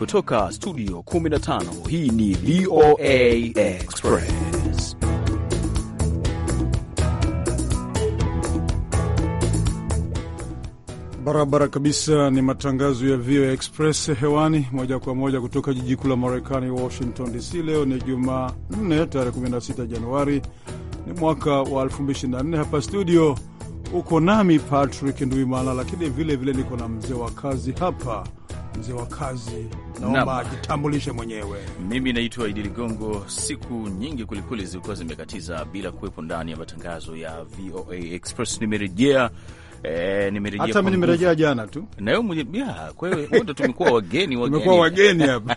Kutoka studio 15 hii ni VOA Express. Barabara kabisa, ni matangazo ya VOA Express hewani moja kwa moja kutoka jiji kuu la Marekani, Washington DC. Leo ni 4 tarehe 16 Januari ni mwaka wa 224 Hapa studio uko nami Patrick Nduimana, lakini vilevile niko na mzee wa kazi hapa, mzee wa kazi naomba ajitambulishe mwenyewe. Mimi naitwa Idi Ligongo. Siku nyingi kwelikweli zilikuwa zimekatiza bila kuwepo ndani ya matangazo ya VOA Express. Nimerejea E, nimerejea hata mimi nimerejea jana tu na wewe Kwewe wote tumekuwa wageni tumekuwa wageni hapa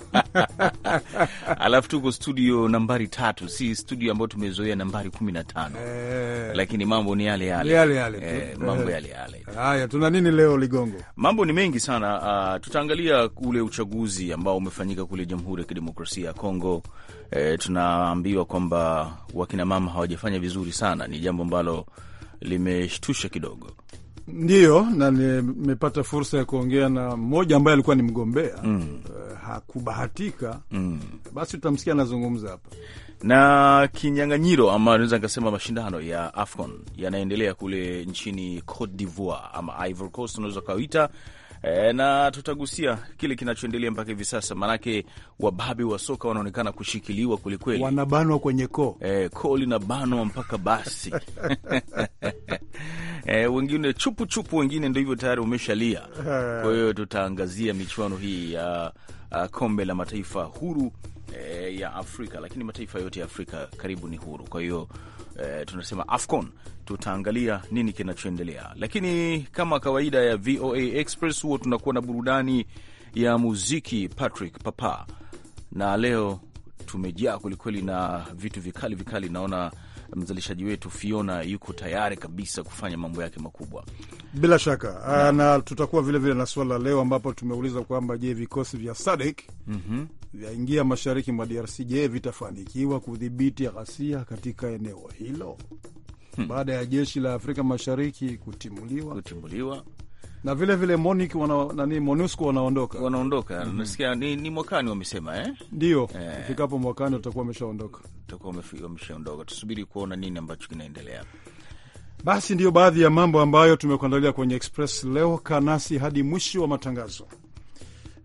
alafu tuko studio nambari tatu, si studio ambayo tumezoea nambari kumi na tano e, lakini mambo ni yale yale yale yale e, mambo yale yale. Haya, tuna nini leo Ligongo? Mambo ni mengi sana. Uh, tutaangalia ule uchaguzi ambao umefanyika kule Jamhuri ya Kidemokrasia ya Kongo. E, tunaambiwa kwamba wakinamama hawajafanya vizuri sana, ni jambo ambalo limeshtusha kidogo Ndiyo, na nimepata fursa ya kuongea na mmoja ambaye alikuwa ni mgombea mm. Uh, hakubahatika mm. Basi utamsikia anazungumza hapa. Na kinyang'anyiro ama naweza nikasema mashindano ya AFCON yanaendelea kule nchini Cote d'Ivoire ama Ivory Coast unaweza ukawita e, na tutagusia kile kinachoendelea mpaka hivi sasa, maanake wababe wa soka wanaonekana kushikiliwa kwelikweli, wanabanwa kwenye koo e, koo linabanwa mpaka basi e, wengine chupuchupu, wengine ndo hivyo tayari wameshalia. Kwa hiyo tutaangazia michuano hii ya kombe la mataifa huru e, ya Afrika, lakini mataifa yote ya Afrika karibu ni huru. Kwa hiyo e, tunasema AFCON, tutaangalia nini kinachoendelea, lakini kama kawaida ya VOA Express huo tunakuwa na burudani ya muziki Patrick Papa, na leo tumejaa kwelikweli na vitu vikali vikali. Naona mzalishaji wetu Fiona yuko tayari kabisa kufanya mambo yake makubwa bila shaka na, ah, na tutakuwa vilevile na swala leo ambapo tumeuliza kwamba je, vikosi vya SADC mm -hmm vyaingia mashariki mwa DRC. Je, vitafanikiwa kudhibiti ghasia katika eneo hilo hmm, baada ya jeshi la Afrika Mashariki kutimuliwa, kutimuliwa na vile vile Monique wana, nani MONUSCO wanaondoka wanaondoka. mm -hmm. Nasikia ni, ni mwakani wamesema eh? Ndio eh. Ifikapo mwakani watakuwa wameshaondoka, watakuwa wameshaondoka. Tusubiri kuona nini ambacho kinaendelea. Basi ndiyo baadhi ya mambo ambayo tumekuandalia kwenye Express leo. Kanasi hadi mwisho wa matangazo.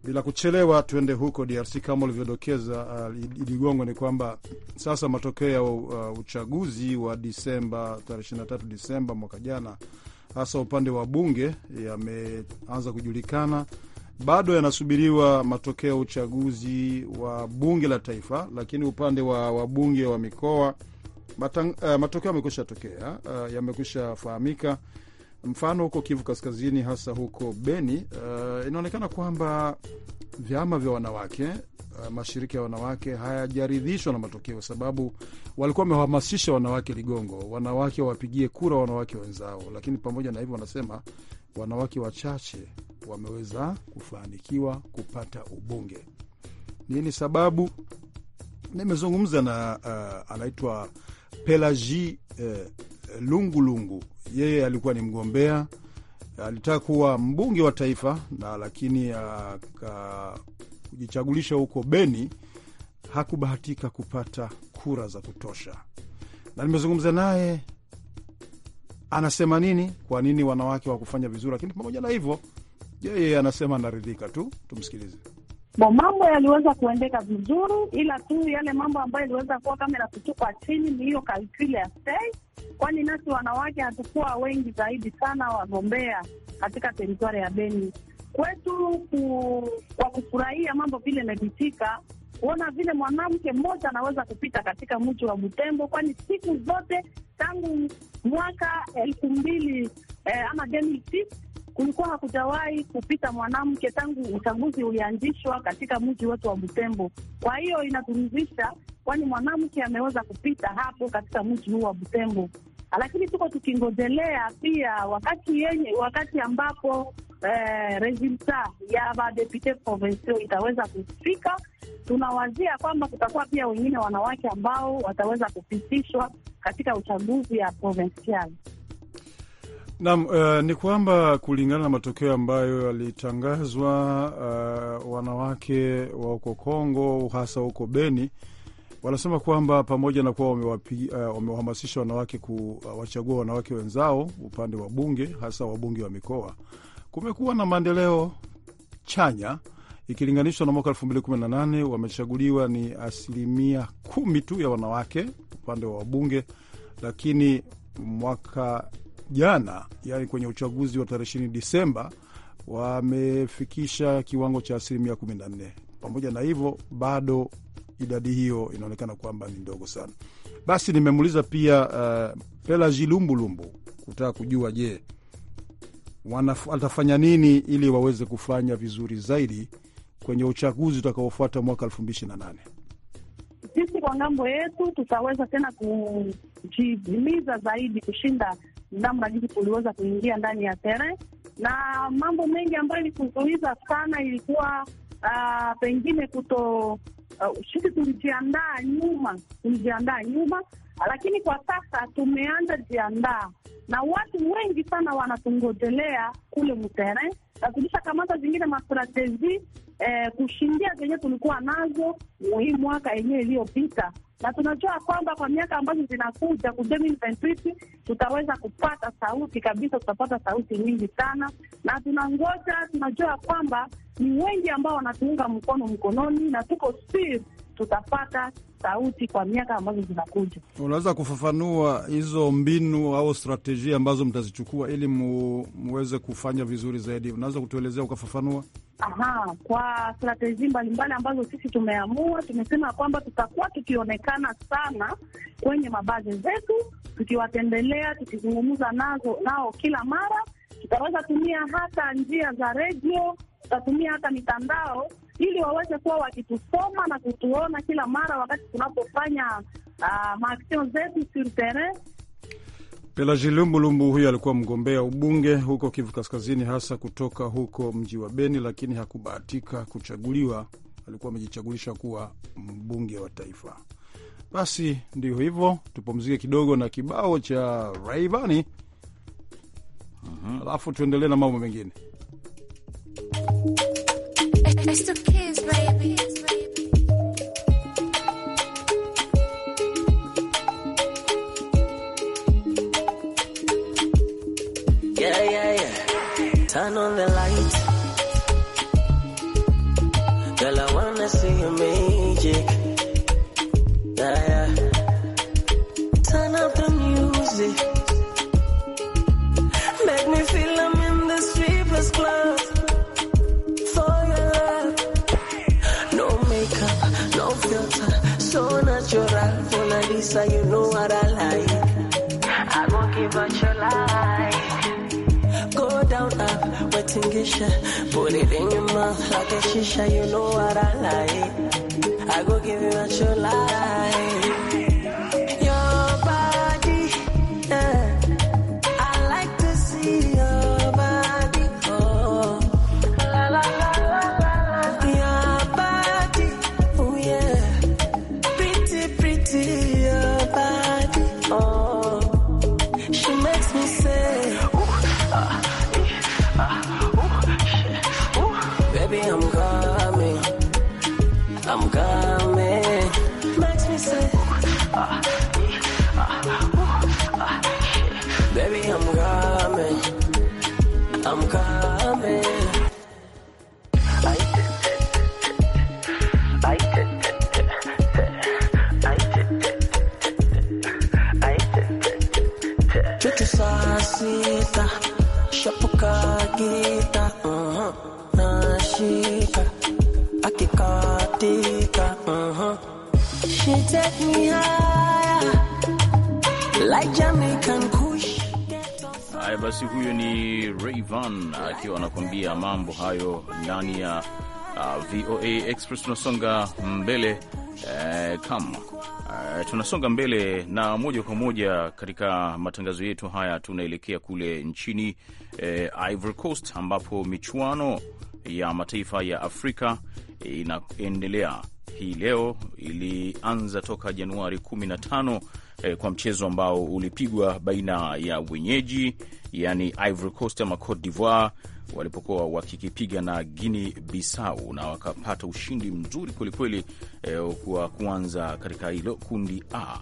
Bila kuchelewa, tuende huko DRC. Kama ulivyodokeza uh, iligongo ni kwamba sasa matokeo ya uh, uchaguzi wa Disemba tarehe 23 Disemba mwaka jana, hasa upande wa bunge yameanza kujulikana. Bado yanasubiriwa matokeo ya uchaguzi wa bunge la taifa, lakini upande wa wabunge wa mikoa matokeo uh, matokeo tokea, uh, yamekusha fahamika mfano huko Kivu Kaskazini, hasa huko Beni, uh, inaonekana kwamba vyama vya wanawake uh, mashirika ya wanawake hayajaridhishwa na matokeo, sababu walikuwa wamehamasisha wanawake ligongo, wanawake wawapigie kura wanawake wenzao, lakini pamoja na hivyo wanasema wanawake wachache wameweza kufanikiwa kupata ubunge. Nini sababu? Nimezungumza na uh, anaitwa Pelagie uh, Lungu Lungu, yeye alikuwa ni mgombea, alitaka kuwa mbunge wa taifa na lakini akajichagulisha huko Beni, hakubahatika kupata kura za kutosha, na nimezungumza naye anasema nini, kwa nini wanawake kufanya vizuri. Lakini pamoja na hivyo, yeye anasema anaridhika tu. Tumsikilize. Bo, mambo yaliweza kuendeka vizuri, ila tu yale mambo ambayo iliweza kuwa kama inatutupa chini ni hiyo kalkile ya stay, kwani nasi wanawake hatukuwa wengi zaidi sana wagombea katika teritwari ya Beni kwetu ku, kwa kufurahia mambo vile imepitika kuona vile mwanamke mmoja anaweza kupita katika mji wa Butembo, kwani siku zote tangu mwaka elfu mbili eh, ama kulikuwa hakujawahi kupita mwanamke tangu uchaguzi ulianzishwa katika mji wetu wa Butembo. Kwa hiyo inaturudisha, kwani mwanamke ameweza kupita hapo katika mji huu wa Butembo, lakini tuko tukingojelea pia wakati yenye, wakati ambapo eh, resulta ya madepute provinciaux itaweza kufika. Tunawazia kwamba kutakuwa pia wengine wanawake ambao wataweza kupitishwa katika uchaguzi ya provincial. Naam, uh, ni kwamba kulingana na matokeo ambayo yalitangazwa, uh, wanawake wa huko Kongo hasa huko Beni wanasema kwamba pamoja na kuwa eh, wamewahamasisha uh, wanawake kuwachagua uh, wanawake wenzao upande wa bunge, hasa wabunge wa mikoa, kumekuwa na maendeleo chanya ikilinganishwa na mwaka elfu mbili kumi na nane. Wamechaguliwa ni asilimia kumi tu ya wanawake upande wa wabunge, lakini mwaka jana, yani kwenye uchaguzi wa tarehe ishirini Disemba, wamefikisha kiwango cha asilimia kumi na nne. Pamoja na hivyo, bado idadi hiyo inaonekana kwamba ni ndogo sana. Basi nimemuuliza pia uh, Pelaji Lumbulumbu kutaka kujua je, atafanya nini ili waweze kufanya vizuri zaidi kwenye uchaguzi utakaofuata mwaka elfu mbili ishirini na nane. Sisi kwa ngambo yetu tutaweza tena kujihimiza zaidi kushinda namna jinsi tuliweza kuingia ndani ya sherehe, na mambo mengi ambayo ilikuzuiza sana ilikuwa uh, pengine kuto uh, sisi tulijiandaa nyuma, tulijiandaa nyuma lakini kwa sasa tumeanza jiandaa na watu wengi sana wanatungojelea kule Mutere na kamata zingine mastrategi eh, kushindia zenye tulikuwa nazo hii mwaka yenyewe iliyopita, na tunajua kwamba kwa miaka ambazo zinakuja ku tutaweza kupata sauti kabisa, tutapata sauti nyingi sana, na tunangoja, tunajua kwamba ni wengi ambao wanatuunga mkono mkononi, na tuko siri tutapata sauti kwa miaka ambazo zinakuja. Unaweza kufafanua hizo mbinu au strategia ambazo mtazichukua ili mu, muweze kufanya vizuri zaidi? Unaweza kutuelezea ukafafanua? Aha, kwa strateji mbalimbali ambazo sisi tumeamua, tumesema kwamba tutakuwa tukionekana sana kwenye mabazi zetu, tukiwatembelea, tukizungumza nazo nao kila mara. Tutaweza tumia hata njia za redio, tutatumia hata mitandao ili waweze kuwa wakitusoma na kutuona kila mara wakati tunapofanya uh, maaction zetu sur terrain. Pelaji Lumbulumbu huyo alikuwa mgombea ubunge huko Kivu Kaskazini, hasa kutoka huko mji wa Beni, lakini hakubahatika kuchaguliwa. Alikuwa amejichagulisha kuwa mbunge wa taifa. Basi ndio hivyo, tupumzike kidogo na kibao cha Raivani mhm. alafu tuendelee na mambo mengine. I still kiss. Haya basi, huyo ni Rayvan akiwa anakuambia mambo hayo ndani ya uh, VOA Express. Tunasonga mbele eh, kama Uh, eh, tunasonga mbele na moja kwa moja katika matangazo yetu haya, tunaelekea kule nchini eh, Ivory Coast ambapo michuano ya mataifa ya Afrika inaendelea hii leo, ilianza toka Januari 15 eh, kwa mchezo ambao ulipigwa baina ya wenyeji yani Ivory Coast ama Cote d'Ivoire walipokuwa wakikipiga na Guini Bissau na wakapata ushindi mzuri kwelikweli eh, kuanza katika hilo kundi A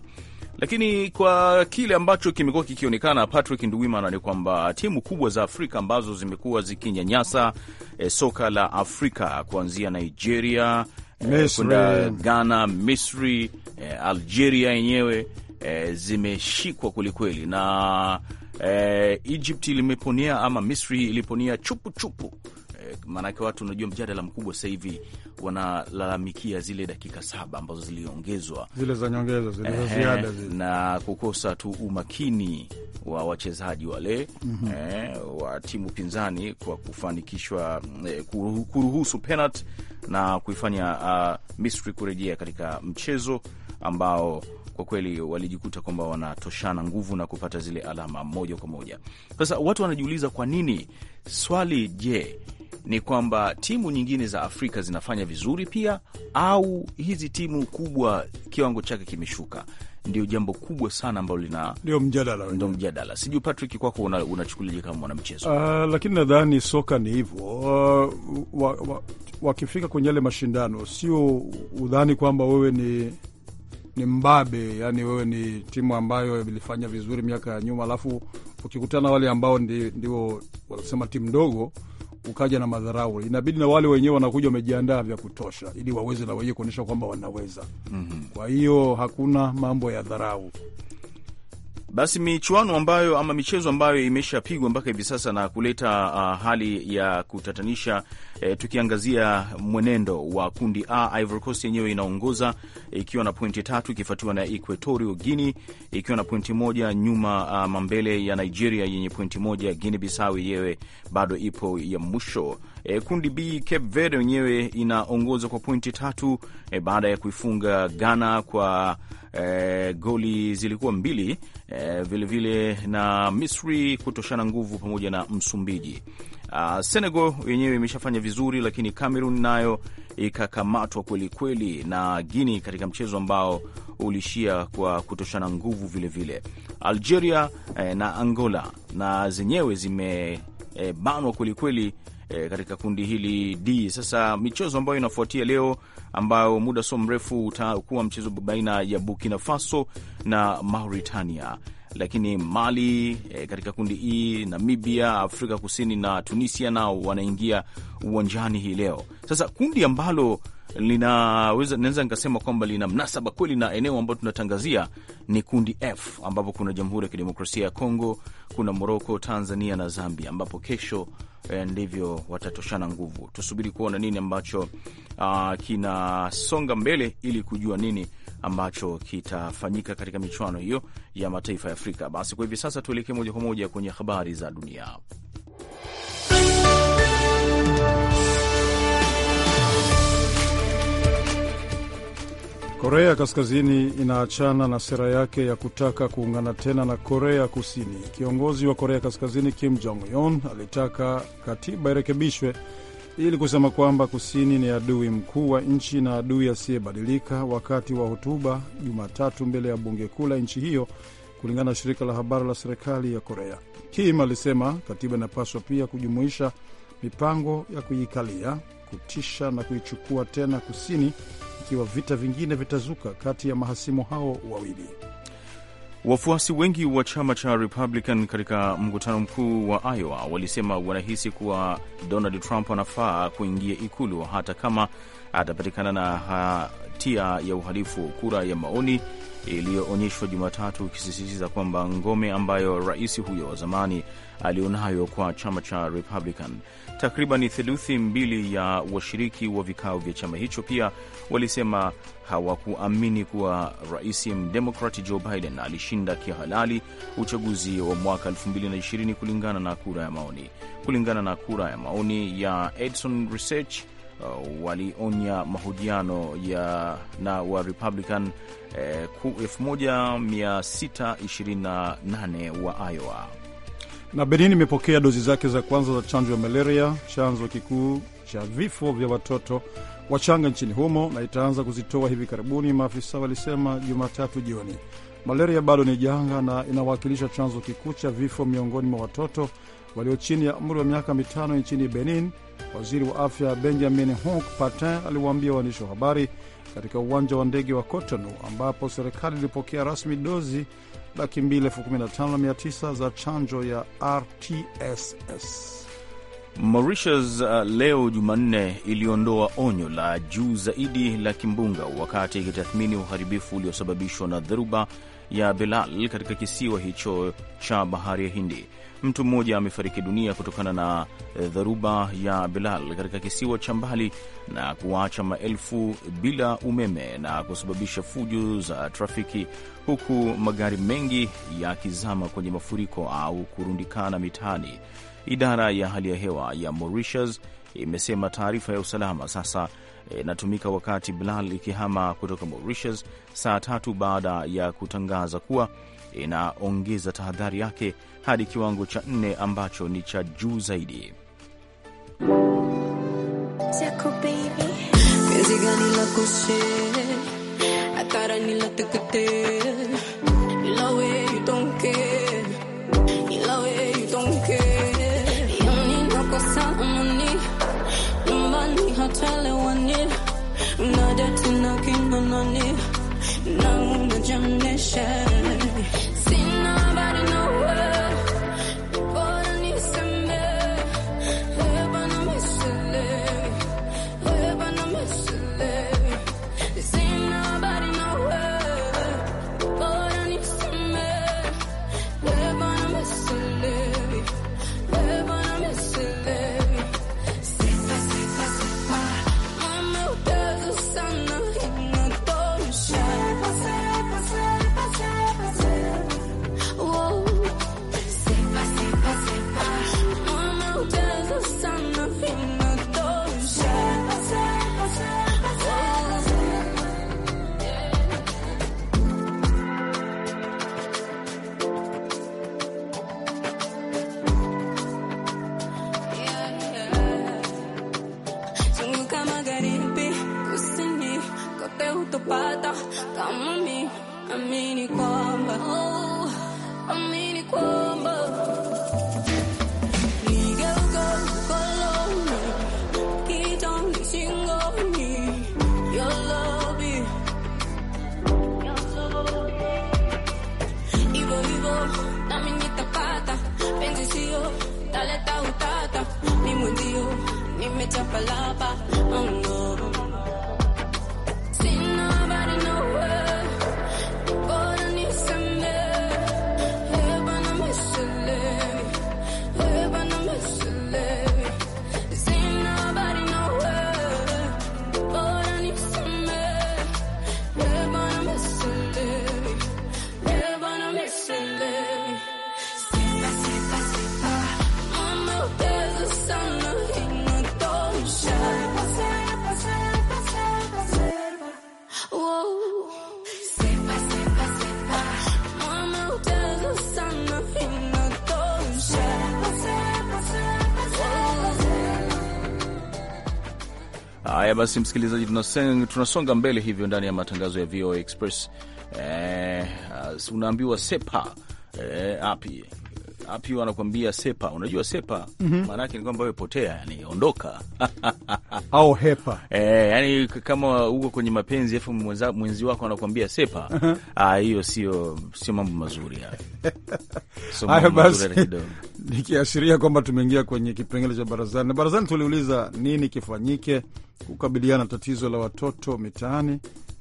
lakini kwa kile ambacho kimekuwa kikionekana, Patrick Nduwimana, ni kwamba timu kubwa za Afrika ambazo zimekuwa zikinyanyasa eh, soka la Afrika kuanzia Nigeria eh, kwenda Ghana, Misri, eh, Algeria yenyewe e, zimeshikwa kwelikweli na e, Egypt limeponia ama Misri iliponia chupuchupu chupu. Eh, maanake watu, unajua mjadala mkubwa sasa hivi wanalalamikia zile dakika saba ambazo ziliongezwa zile za nyongeza zile za ziada zile, na kukosa tu umakini wa wachezaji wale mm -hmm. e, wa timu pinzani kwa kufanikishwa e, kuruhusu penalti na kuifanya uh, Misri kurejea katika mchezo ambao kwa kweli walijikuta kwamba wanatoshana nguvu na kupata zile alama moja kwa moja. Sasa watu wanajiuliza kwa nini swali, je, ni kwamba timu nyingine za Afrika zinafanya vizuri pia au hizi timu kubwa kiwango chake kimeshuka? Ndio jambo kubwa sana ambalo lina ndio mjadala, ndio mjadala. Sijui Patrick, kwako unachukuliaje kama mwanamchezo? Uh, lakini nadhani soka ni hivyo uh, ah, wakifika wa, wa kwenye yale mashindano, sio udhani kwamba wewe ni ni mbabe, yani wewe ni timu ambayo ilifanya vizuri miaka ya nyuma, alafu ukikutana wale ambao ndio wanasema timu ndogo ukaja na madharau, inabidi na wale wenyewe wanakuja wamejiandaa vya kutosha, ili waweze na wenyewe kuonyesha kwamba wanaweza. mm -hmm. Kwa hiyo hakuna mambo ya dharau. Basi michuano ambayo ama michezo ambayo imeshapigwa mpaka hivi sasa na kuleta uh, hali ya kutatanisha eh, tukiangazia mwenendo wa kundi A, Ivory Coast yenyewe inaongoza ikiwa eh, na pointi tatu ikifuatiwa na Equatorio Guini ikiwa na pointi moja nyuma, uh, mambele ya Nigeria yenye pointi moja. Guini Bisau yenyewe bado ipo ya mwisho. Eh, kundi B, Cape Verde wenyewe inaongoza kwa pointi tatu eh, baada ya kuifunga Ghana kwa e, goli zilikuwa mbili vilevile eh, vile na Misri kutoshana nguvu pamoja na Msumbiji. Uh, Senegal yenyewe imeshafanya vizuri, lakini Cameroon nayo ikakamatwa kwelikweli na Guinea katika mchezo ambao ulishia kwa kutoshana nguvu vilevile vile. Algeria eh, na Angola na zenyewe zimebanwa eh, kwelikweli e, katika kundi hili D. Sasa michezo ambayo inafuatia leo, ambayo muda sio mrefu utakuwa mchezo baina ya Burkina Faso na Mauritania, lakini Mali e, katika kundi E, Namibia, Afrika Kusini na Tunisia nao wanaingia uwanjani hii leo. Sasa kundi ambalo linaweza naweza nikasema kwamba lina mnasaba kweli na eneo ambayo tunatangazia ni kundi F, ambapo kuna Jamhuri ya Kidemokrasia ya Kongo, kuna Moroko, Tanzania na Zambia, ambapo kesho eh, ndivyo watatoshana nguvu. Tusubiri kuona nini ambacho uh, kinasonga mbele ili kujua nini ambacho kitafanyika katika michuano hiyo ya mataifa ya Afrika. Basi kwa hivi sasa tuelekee moja kwa moja kwenye habari za dunia. Korea Kaskazini inaachana na sera yake ya kutaka kuungana tena na Korea Kusini. Kiongozi wa Korea Kaskazini Kim Jong Un alitaka katiba irekebishwe ili kusema kwamba Kusini ni adui mkuu wa nchi na adui asiyebadilika, wakati wa hotuba Jumatatu mbele ya bunge kuu la nchi hiyo, kulingana na shirika la habari la serikali ya Korea. Kim alisema katiba inapaswa pia kujumuisha mipango ya kuikalia kutisha na kuichukua tena Kusini ikiwa vita vingine vitazuka kati ya mahasimu hao wawili. Wafuasi wengi wa chama cha Republican katika mkutano mkuu wa Iowa walisema wanahisi kuwa Donald Trump anafaa kuingia ikulu hata kama atapatikana na hatia ya uhalifu. Kura ya maoni iliyoonyeshwa Jumatatu ikisisitiza kwamba ngome ambayo rais huyo wa zamani alionayo kwa chama cha Republican, takriban theluthi mbili ya washiriki wa vikao vya chama hicho pia walisema hawakuamini kuwa rais mdemokrat Joe Biden alishinda kihalali uchaguzi wa mwaka 2020 kulingana na kura ya maoni. Kulingana na kura ya maoni ya Edison Research uh, walionya mahojiano ya na wa Republican eh, 1628 wa Iowa. Na Benin imepokea dozi zake za kwanza za chanjo ya malaria, chanzo kikuu cha vifo vya watoto wachanga nchini humo, na itaanza kuzitoa hivi karibuni, maafisa walisema Jumatatu jioni. Malaria bado ni janga na inawakilisha chanzo kikuu cha vifo miongoni mwa watoto walio chini ya umri wa miaka mitano nchini Benin Waziri wa afya Benjamin hunk Patin aliwaambia waandishi wa habari katika uwanja wa ndege wa Cotonou ambapo serikali ilipokea rasmi dozi laki mbili elfu kumi na tano mia tisa za chanjo ya RTSS. Mauritius uh, leo Jumanne iliondoa onyo la juu zaidi la kimbunga wakati ikitathmini uharibifu uliosababishwa na dharuba ya Belal katika kisiwa hicho cha bahari ya Hindi. Mtu mmoja amefariki dunia kutokana na eh, dharuba ya Belal katika kisiwa cha mbali na kuwaacha maelfu bila umeme na kusababisha fujo za trafiki, huku magari mengi yakizama kwenye mafuriko au kurundikana mitaani. Idara ya hali ya hewa ya Mauritius imesema taarifa ya usalama sasa eh, inatumika wakati Bilal ikihama kutoka Mauritius saa tatu baada ya kutangaza kuwa inaongeza tahadhari yake hadi kiwango cha nne ambacho ni cha juu zaidi. basi msikilizaji, tunasonga mbele hivyo ndani ya matangazo ya VOA Express. Eh, unaambiwa sepa eh, api api wanakuambia sepa. Unajua sepa mhm. maana mm -hmm. yake ni kwamba wepotea, yani ondoka au hepa eh, yani kama uko kwenye mapenzi afu mwenzi wako anakuambia sepa ah, hiyo uh -huh. Ah, sio sio mambo mazuri hayo, so nikiashiria kwamba tumeingia kwenye kipengele cha barazani, na barazani tuliuliza nini kifanyike kukabiliana na tatizo la watoto mitaani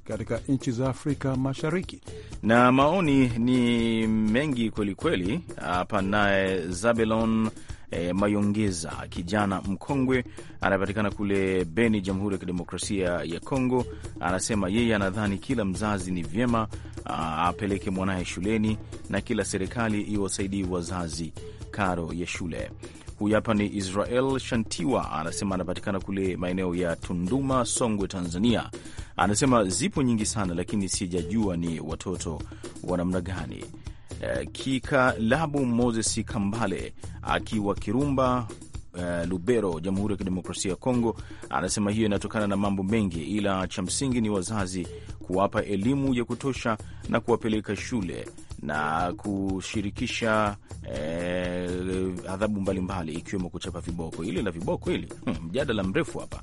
katika nchi za Afrika Mashariki, na maoni ni mengi kwelikweli. Hapa naye Zabelon E, Mayongeza kijana mkongwe anapatikana kule Beni, Jamhuri ya Kidemokrasia ya Kongo, anasema yeye anadhani kila mzazi ni vyema ah, apeleke mwanaye shuleni na kila serikali iwasaidii wazazi karo ya shule. Huyu hapa ni Israel Shantiwa, anasema anapatikana kule maeneo ya Tunduma, Songwe, Tanzania. Anasema zipo nyingi sana, lakini sijajua ni watoto wa namna gani. Eh, Kikalabu Moses Kambale akiwa Kirumba Uh, Lubero, Jamhuri ya Kidemokrasia ya Kongo, anasema hiyo inatokana na mambo mengi, ila cha msingi ni wazazi kuwapa elimu ya kutosha na kuwapeleka shule na kushirikisha eh, Eh, adhabu mbalimbali ikiwemo kuchapa viboko. Ile la viboko hili hmm, mjadala hmm, mrefu hapa.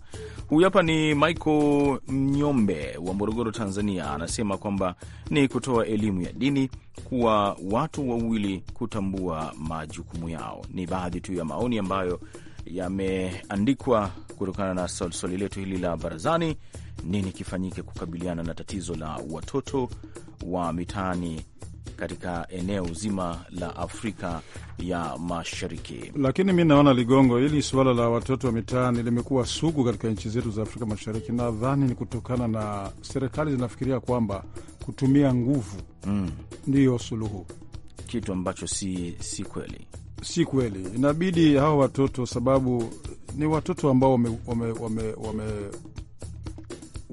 Huyu hapa ni Michael Mnyombe wa Morogoro, Tanzania, anasema kwamba ni kutoa elimu ya dini, kuwa watu wawili kutambua majukumu yao. Ni baadhi tu ya maoni ambayo yameandikwa kutokana na swali letu hili la barazani, nini kifanyike kukabiliana na tatizo la watoto wa mitaani katika eneo zima la Afrika ya Mashariki. Lakini mi naona Ligongo, hili suala la watoto wa mitaani limekuwa sugu katika nchi zetu za Afrika Mashariki. Nadhani ni kutokana na serikali zinafikiria kwamba kutumia nguvu mm, ndiyo suluhu, kitu ambacho si, si kweli si kweli. Inabidi hawa watoto, sababu ni watoto ambao wame, wame, wame, wame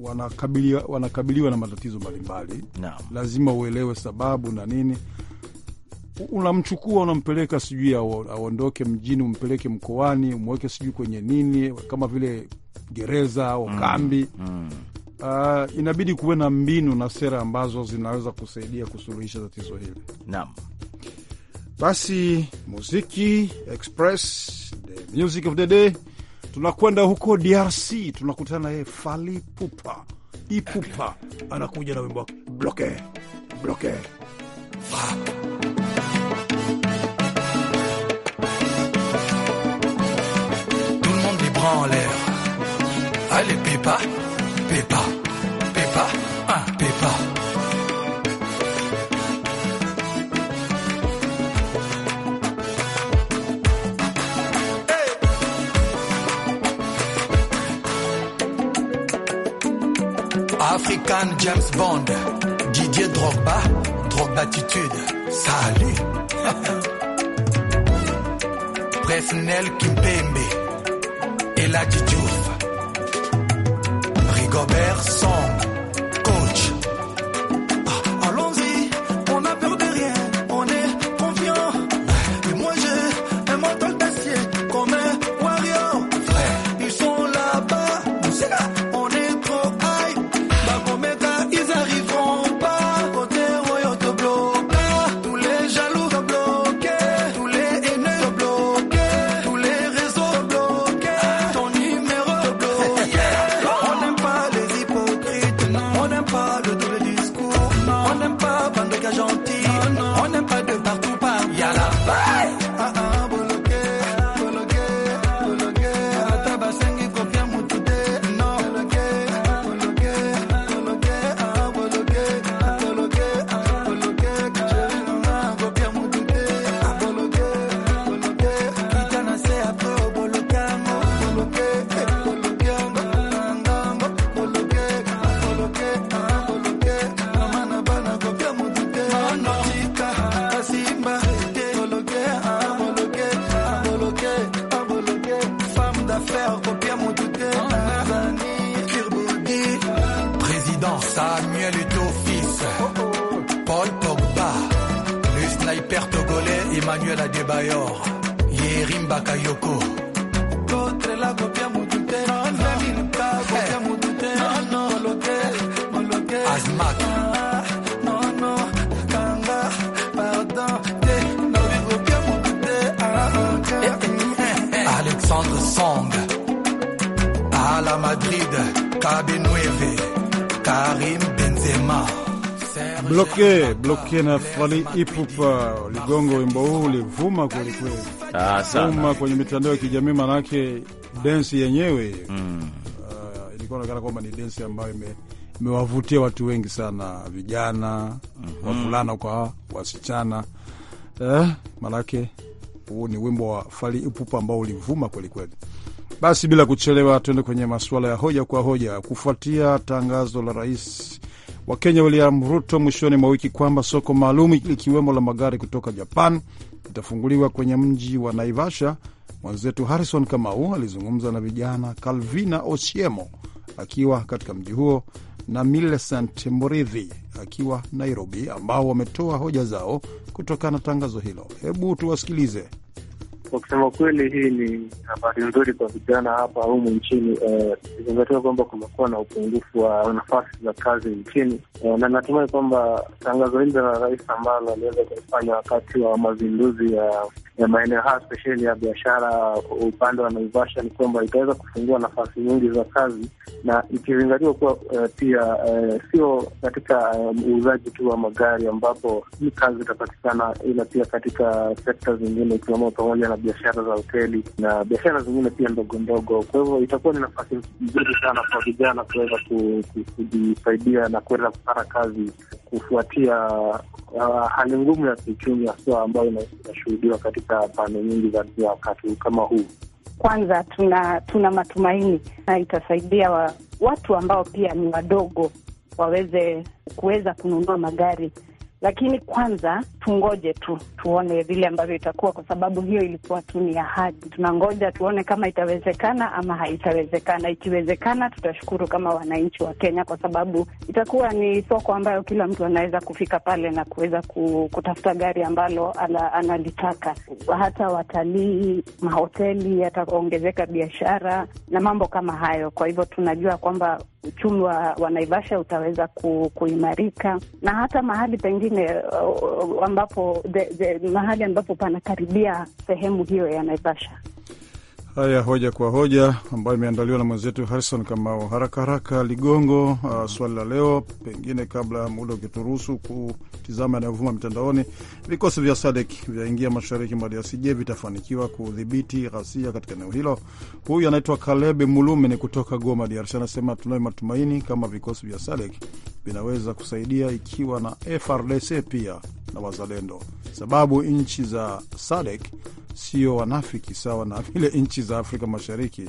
wanakabiliwa, wanakabiliwa na matatizo mbalimbali no. Lazima uelewe sababu na nini unamchukua unampeleka, sijui aondoke mjini, umpeleke mkoani, umweke sijui kwenye nini, kama vile gereza au mm, kambi mm. Uh, inabidi kuwe na mbinu na sera ambazo zinaweza kusaidia kusuluhisha tatizo hili. Naam, basi muziki express the music of the day Tout huko DRC, tunakutana naye Ipupa anakuja na wimbo bloke bloke en l'air. Allez, Pépa, Pépa, Pépa, hein, Pépa. James Bond, Didier Drogba, attitude, salut. Presse Nel Kimpembe, et la Rigobert Song. Alexandre Song. À la Madrid, Karim Benzema. Bloqué, bloqué na fali ipupa. Euh, Ligongo wimbo vuma ah, ah, kwenye mitandao ya kijamii, manake densi yenyewe mm. uh, ilikuwa naonekana kwamba ni densi ambayo ime imewavutia watu wengi sana, vijana mm -hmm. wavulana kwa wasichana eh, manake huu ni wimbo wa Fali Ipupa ambao ulivuma kwelikweli. Basi bila kuchelewa, tuende kwenye masuala ya hoja kwa hoja. Kufuatia tangazo la Rais Wakenya waliamuru Ruto mwishoni mwa wiki kwamba soko maalum likiwemo la magari kutoka Japan litafunguliwa kwenye mji wa Naivasha. Mwenzetu Harrison Kamau alizungumza na vijana Calvina Osiemo akiwa katika mji huo na Millicent Muridhi akiwa Nairobi, ambao wametoa hoja zao kutokana na tangazo hilo. Hebu tuwasikilize. Kwa kusema kweli, hii ni habari nzuri kwa vijana hapa humu nchini, eh, ikizingatiwa eh, kwamba kumekuwa na upungufu wa nafasi za kazi nchini eh, na natumai kwamba tangazo hili la rais ambalo aliweza kufanya wakati wa mazinduzi ya ya maeneo haya spesheli ya biashara upande wa Naivasha ni kwamba itaweza kufungua nafasi nyingi za kazi, na ikizingatiwa kuwa uh, pia uh, sio katika eh, uuzaji um, tu wa magari ambapo hii kazi itapatikana, ila pia katika sekta zingine ikiwemo pamoja na biashara za hoteli na biashara zingine pia ndogo ndogo. Kwa hivyo itakuwa ni nafasi nzuri sana kwa vijana kuweza kujisaidia na kuweza kupata kazi kufuatia uh, hali ngumu ya kiuchumi hasa ambayo inashuhudiwa katika pande nyingi za dunia wakati kama huu. Kwanza tuna tuna matumaini na itasaidia wa, watu ambao pia ni wadogo waweze kuweza kununua magari lakini kwanza tungoje tu tuone vile ambavyo itakuwa, kwa sababu hiyo ilikuwa tu ni ahadi. Tunangoja tuone kama itawezekana ama haitawezekana. Ikiwezekana, tutashukuru kama wananchi wa Kenya, kwa sababu itakuwa ni soko ambayo kila mtu anaweza kufika pale na kuweza kutafuta gari ambalo ala, analitaka. Hata watalii, mahoteli yataongezeka, biashara na mambo kama hayo. Kwa hivyo tunajua kwamba uchumi wa, wa Naivasha utaweza ku, kuimarika na hata mahali pengine uh, ambapo mahali ambapo panakaribia sehemu hiyo ya Naivasha. Haya, hoja kwa hoja ambayo imeandaliwa na mwenzetu Harison Kamau. Haraka haraka Ligongo, uh, swali la leo pengine, kabla muda ukituruhusu, kutizama yanayovuma mitandaoni. Vikosi vya Sadek vyaingia mashariki mwa DRC. Je, vitafanikiwa kudhibiti ghasia katika eneo hilo? Huyu anaitwa Kalebe Mulume ni kutoka Goma, DRC, anasema tunayo matumaini kama vikosi vya Sadek vinaweza kusaidia ikiwa na FRDC pia na wazalendo, sababu nchi za Sadek sio wanafiki sawa na vile nchi za Afrika Mashariki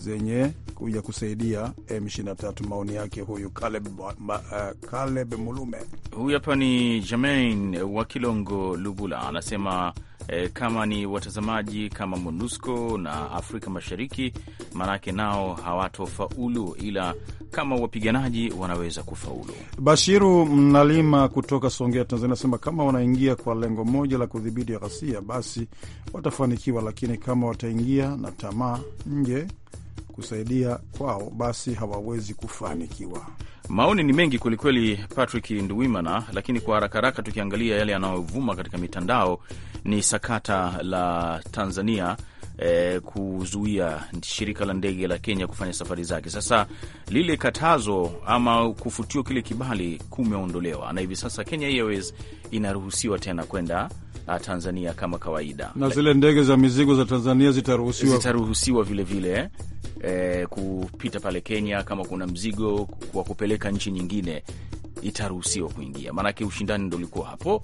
zenye kuja kusaidia M23. Maoni yake huyu Caleb, ma, uh, eh, Caleb Mulume. Huyu hapa ni Germain wa Kilongo Lubula anasema e, kama ni watazamaji kama MONUSCO na Afrika Mashariki, maanake nao hawatofaulu, ila kama wapiganaji wanaweza kufaulu. Bashiru Mnalima kutoka Songea, Tanzania, anasema kama wanaingia kwa lengo moja la kudhibiti ghasia, basi watafanikiwa, lakini kama wataingia na tamaa nje kusaidia kwao, basi hawawezi kufanikiwa. Maoni ni mengi kwelikweli, Patrick Nduwimana, lakini kwa haraka haraka tukiangalia yale yanayovuma katika mitandao ni sakata la Tanzania eh, kuzuia shirika la ndege la Kenya kufanya safari zake. Sasa lile katazo ama kufutiwa kile kibali kumeondolewa, na hivi sasa Kenya Airways inaruhusiwa tena kwenda Uh, Tanzania kama kawaida, na zile ndege za mizigo za Tanzania zitaruhusiwa zitaruhusiwa vilevile eh, eh, kupita pale Kenya. Kama kuna mzigo wa kupeleka nchi nyingine itaruhusiwa kuingia, maanake ushindani ndo ulikuwa hapo.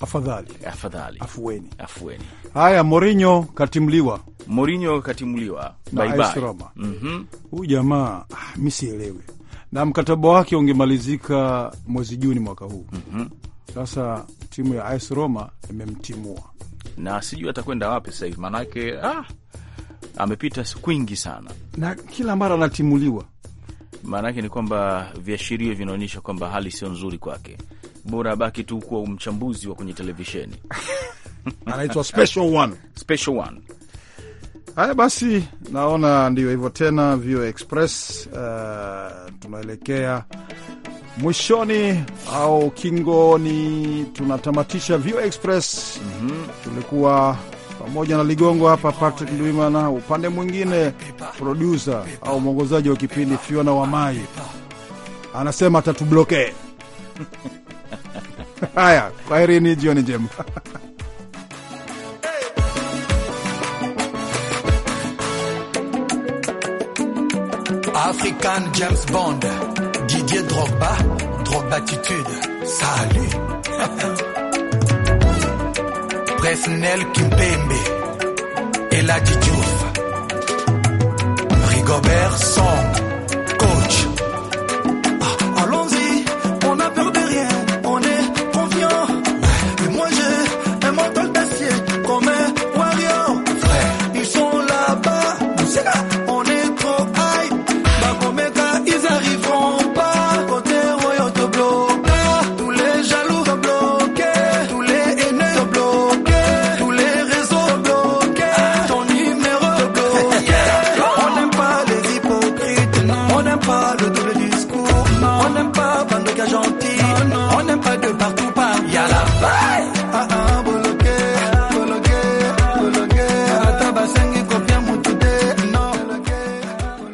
Afadhali, afadhali, afueni, afueni. Haya, Morinho katimliwa, Morinho katimliwa na bye. Roma. mm huyu Jamaa ah, mi sielewi, na mkataba wake ungemalizika mwezi Juni mwaka huu. mm -hmm. Sasa timu ya AS Roma imemtimua na sijui atakwenda wapi sasa hivi maanake, ah, amepita kwingi sana na kila mara anatimuliwa. Maanake ni kwamba viashirio vinaonyesha kwamba hali sio nzuri kwake, bora abaki tu kuwa mchambuzi wa kwenye televisheni anaitwa special one, special one. Haya basi, naona ndio hivyo tena. VOA Express uh, tunaelekea mwishoni au kingoni tunatamatisha Vio Express. mm -hmm. Tulikuwa pamoja na Ligongo hapa, Patrick Ndwimana upande mwingine, produsa au mwongozaji wa kipindi Fiona Wamai anasema atatublokee. Haya, kwaherini, jioni njema. African James Bond Drogue bas, drogue d'attitude, salut. Presnel Kimpembe et la Rigobert son.